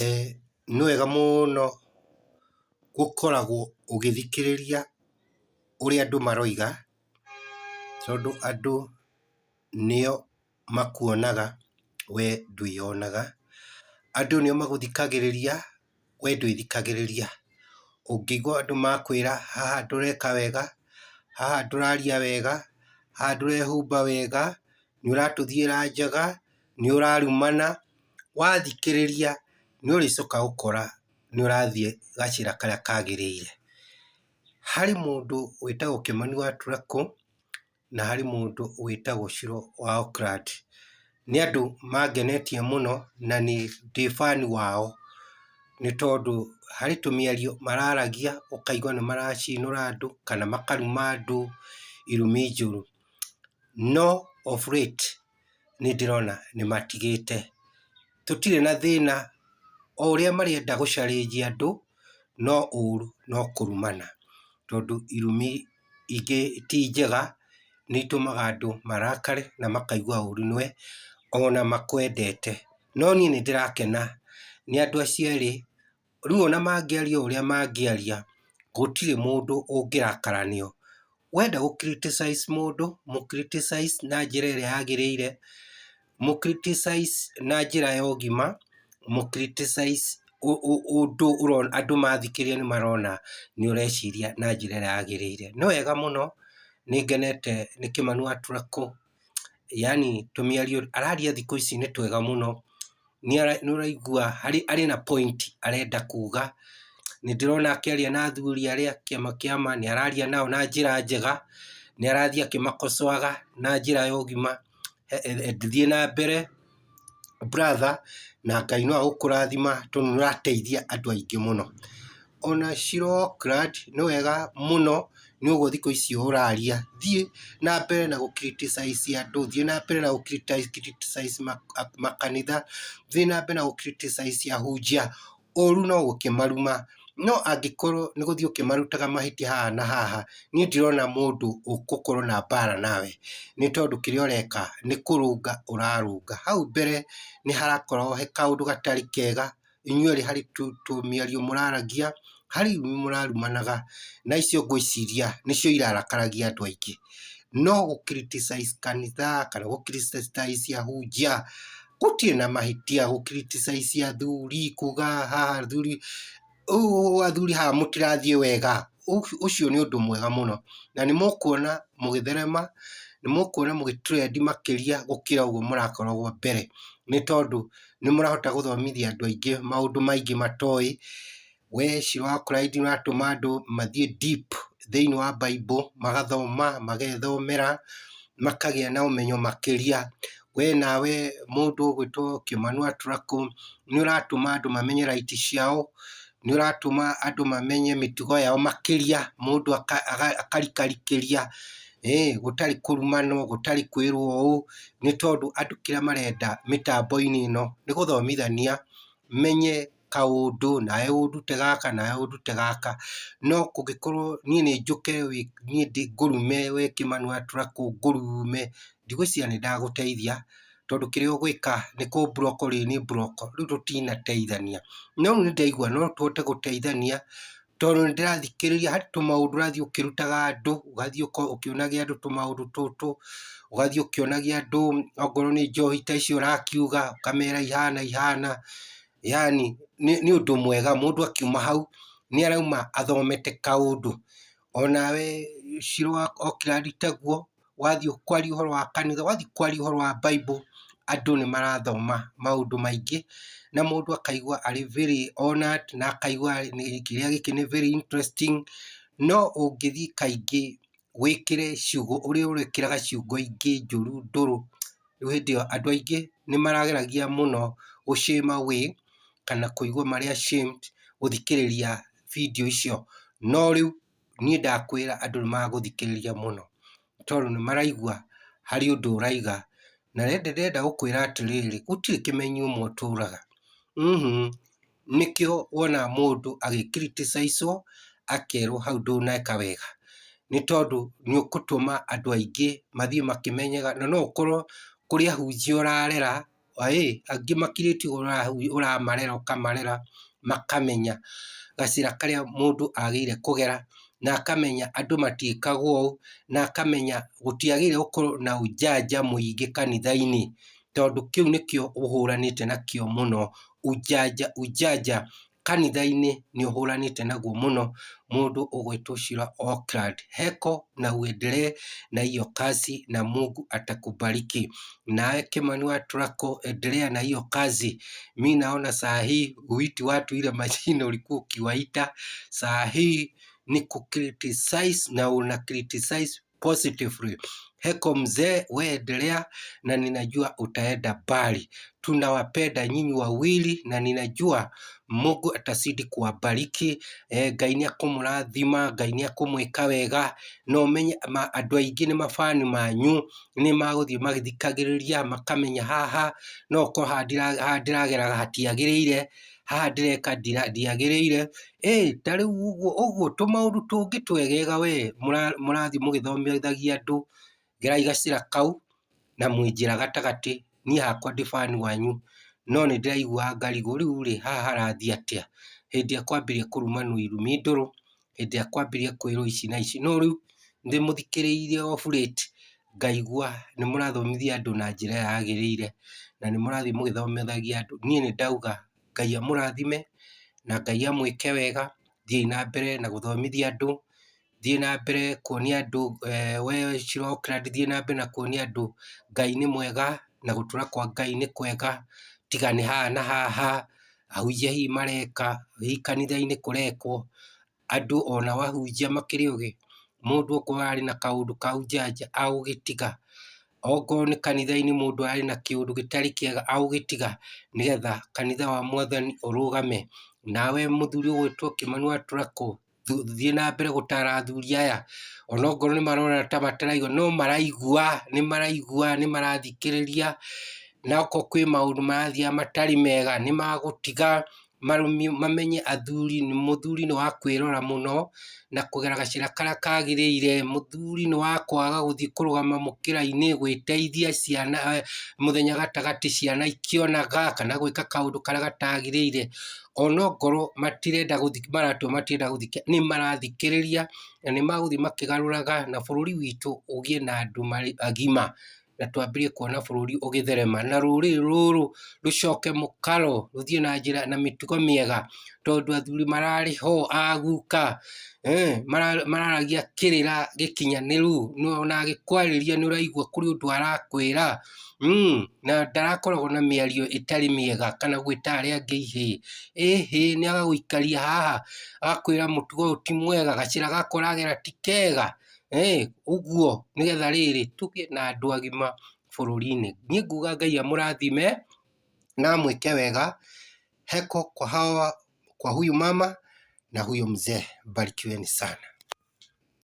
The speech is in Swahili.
Eh, nä wega ria å rä a andå maroiga, andå nä o makuonaga we ndwä thikagä rä ria å ngä ndwĩthikagĩrĩria. andå makwä ra haha reka wega, haha raria wega, haha rehumba wega, rarumana njaga, rä ria nĩ ũrĩcoka gũkora nĩ ũrathiĩ gacĩra karĩa kagĩrĩire. Harĩ mũndũ kä mani wa Turaku, na harĩ mũndũ wĩtagwo ciro wa Oakland. Nĩ andũ mangenetie no na nĩ wao nä wao, harä tå mä ario mararagia nä maracinå ra andũ kana makaruma andũ irumi ru No of rona nä matigä te tå tirä na na o ũrĩa marenda gũcarĩria andũ no ũru no kũrumana tondũ irumi ingĩ ti njega nĩ itũmaga andũ marakare na makaigua ũru nĩwe ona makwendete. No niĩ nĩ ndĩrakena nĩ andũ acio erĩ, rĩu ona mangĩaria o ũrĩa mangĩaria gũtirĩ mũndũ ũngĩrakara nĩo. Wenda gũ criticize mũndũ mũ criticize na njĩra ĩrĩa yagĩrĩire, mũ criticize na njĩra ya ũgima. mũ criticize ũndũ ũrona andũ mathikĩrĩria nĩ marona nĩ ũreciria na njĩra ĩrĩa yagĩrĩire. nä wega no nä ngenete nĩ Kĩmani wa Tũrakũ, yaani tũmĩario araria thikũ ici nĩ twega mũno, å raigua arä na point arenda kuga. Nĩ ndĩrona akĩaria na athuri arĩa kä ama nä araria nao na ra njega, arathiä akä akĩmakocoaga na ra ya ũgima, e, e, thiĩ na mbere brother na ngai no nä å rateithia andå aingä må no ona Shilokrat nä wega mũno nĩ ũguo thikũ ici raria thiä na mbere na gå andå thiä na mbere na gũ makanitha thiä na mbere na gå ahunjia å ru no maruma No angĩkorwo nĩ gũthiĩ ũkĩmarutaga mahĩtia haha na haha, ni ndirona mũndũ ũgũkorwo na bara nawe, ni tondu kĩrĩa ũreka nĩ kũrũnga ũrarũnga. Hau mbere ni harakoragwo he kaundu gatari kega, inyuĩ eerĩ harĩ tũmĩario mũraragia, hari irumi mũrarumanaga, na icio ngwĩciria nĩcio irarakaragia andu aingi No gũ criticize kanitha kana gũ criticize ahunjia, gũtirĩ na mahitia gũ criticize athuri, kuuga haha athuri ũũ athuri haha mutirathie wega ucio ni undu mwega muno na nĩ mũkuona mũgĩtherema nĩ mũkuona mũgĩtrendi makiria gukira ũguo mũrakoragwo mbere ni tondu ni murahota guthomithia andu aingi maundu maingi matoi We shiwa wa na ũratũma andũ deep thĩiniĩ wa Bible magathoma, magethomera, makagĩa na umenyo makiria We nawe mũndũ ũgwĩtwo Kĩmani wa Tũrakũ nĩ ũratũma mamenye right ciao nĩ ũratũma andå mamenye tugo yao makĩria mũndũ akarikarikĩria gũtarĩ kũrumanwo gũtarĩ kwĩrwo ũũ ni tondũ andũ kĩrĩa marenda mĩtambo no ĩno nĩ gũthomithania menye kaũndũ nawe ũndute gaka nawe ũndute gaka, no wi ni nĩ gurume we kimanu atura ku gurume ngũrume ndigwĩciria ndagå teithia tondũ kĩrĩa ũgwĩka nĩ kũ block rä u tå tina teithania no nä ndaigua no teithania tũhote gũteithania tondũ nĩ ndĩrathikĩrĩria harĩ tũmaũndũ ũrathiĩ ũkĩrutaga ndå tå tå å gathiä å kä onagia andå ongorwo nä njohi ta icio ũrakiuga kamera ihana ihana yani å ndå mwega ndå akiuma hau nä arauma athomete ndå onawe Shirũ okĩra nditaguo wathiä kwaria å wa kanitha wathi kwaria å wa bible andå nä marathoma maå ndå maingä na må ndå akaigua arä very honored na akaigua kä rä a gä kä nä very interesting no å ngä thiä kaingä wä kä re ciugo å rä a å rä kä raga ciugo ingä njå ru ndå rå rä u hä ndä ä yo andå aingä nä marageragia må no gå cäma wä kana kå igua marä a gå thikä rä ria icio no rä u niä ndakwä ra andå nä magå thikä rä ria må no tondũ maraigua harĩ ũndũ ũraiga na ndĩrenda gũkwĩra atĩrĩrĩ gũtirĩ kĩmenyuĩmwe ũtũraga uhuh, nĩkĩo wonaga mũndũ agĩ criticize wo akerwo hau ndũneka wega nĩ tondũ nĩũgũtũma andũ aingĩ mathiĩ makĩmenyaga na no ũkorwo kũrĩ ahunjia ũrarera angĩ makirĩtio ũramarera ũkamarera makamenya gacĩra karĩa mũndũ agĩrĩire kũgera na akamenya andu matiĩkagwo na akamenya gutiagire gũkorwo na ũjanja muingi kanithaini tondu kiu nikio uhuranite na kio muno ũjanja ũjanja kanithaini ni uhuranite ũhũranĩte naguo muno mũndũ ũgwĩtwo Shira Oakland, heko na uendelee na hiyo kazi na Mungu atakubariki. Nawe Kimani wa Tulako, endelea na hiyo kazi. Mi naona saa hii huiti watu ile majina ulikuwa ukiwaita saa hii ni kukritisize na una criticize positively. Heko mzee, weendelea na ninajua utaenda mbali. Tunawapenda nyinyi wawili na ninajua Mungu atazidi kuwabariki e, Ngai nĩ akũmũrathima Ngai nĩ akũmwĩka wega na ũmenye ma, andũ aingĩ nĩ manyu ni magũthiĩ magithikagiriria makamenya haha no ko handira, handira, handĩrageraga hatiagĩrĩire haha ndĩreka ndiagĩrĩire ta rĩu ũguo ũguo tũmaũndũ tũngĩ twegega we mũrathiĩ mũgĩthomithagia andũ ngĩraigacĩra kau na mwĩ njĩra gatagatĩ niĩ hakwa ndĩ wanyu no nĩ ndĩraigua ngarigwo rĩu rĩ haha harathiĩ atĩa hĩndĩ ĩrĩa kwambĩrĩria kũrumanwo irumi ndũrũ hĩndĩ ĩrĩa kwambĩrĩria kwĩrwo ici na ici no rĩu ndĩ mũthikĩrĩirie off rate ngaigua nĩ mũrathomithia andũ na njĩra ĩrĩa yagĩrĩire na nĩ mũrathiĩ mũgĩthomithagia andũ niĩ nĩ ndauga Ngai amũrathime na Ngai amwĩke wega, thiĩi na mbere na gũthomithia andũ, thiĩ na mbere kuonia andũ eh, we thiĩ na mbere na kuonia andũ Ngai nĩ mwega na gũtũra kwa Ngai nĩ kwega, tiga nĩ haha na haha, ahunjia hihi mareka, hihi kanitha-inĩ kũrekwo, andũ ona wahunjia makĩria ũgĩ, mũndũ okorwo arĩ na kaũndũ kau njanja agũgĩtiga ongoro nä kanitha-inä må ndå arä na kä å ndå gä tarä kä ega aå gä tiga nä getha kanitha wa mwathani å rå game nawe må thuri å gwä two kä manu atå rakå thiä nambere gå tara thuria aya ona ngorwo nä maronaa ta mataraigo no maraigua nä maraigua nä marathikä rä ria nakorwo kwä maå ndå marathiäa matarä mega nä magå tiga marumi mamenye athuri muthuri nä wa kwä rora må no na kå gera kara karä kagä rä ire muthuri nä wa kwaga gå thiä kå rå gama må kä gwä teithia ciana eh, må thenya gatagatä ciana kana gwä ka kaå ndå karä a gatagä rä ire matirenda guthi ni guthikia ria na ni magå thiä makä garå raga na bå rå ri witå å na andå agima na twambirie kuona bururi ugitherema na rũrĩrĩ ruru rucoke mũkaro ruthie na njira na mitugo miega tondũ athuri marari ho aguka eh, mararagia kĩrĩra gĩkinyanĩru ona ni nĩ kuri kũrĩ arakwira mm na ndarakoragwo na miario itari miega kana gwĩta arĩa angĩ ihĩ ĩhĩ nĩ agagũikaria haha agakwĩra mutugo ũyũ ti mwega tikega kega uguo nigetha riri tũgĩe na andũ agima bũrũri-inĩ niĩ nguga Ngai amũrathime na amwĩke wega heko kwa hawa kwa huyu mama na huyu mzee barikiweni sana.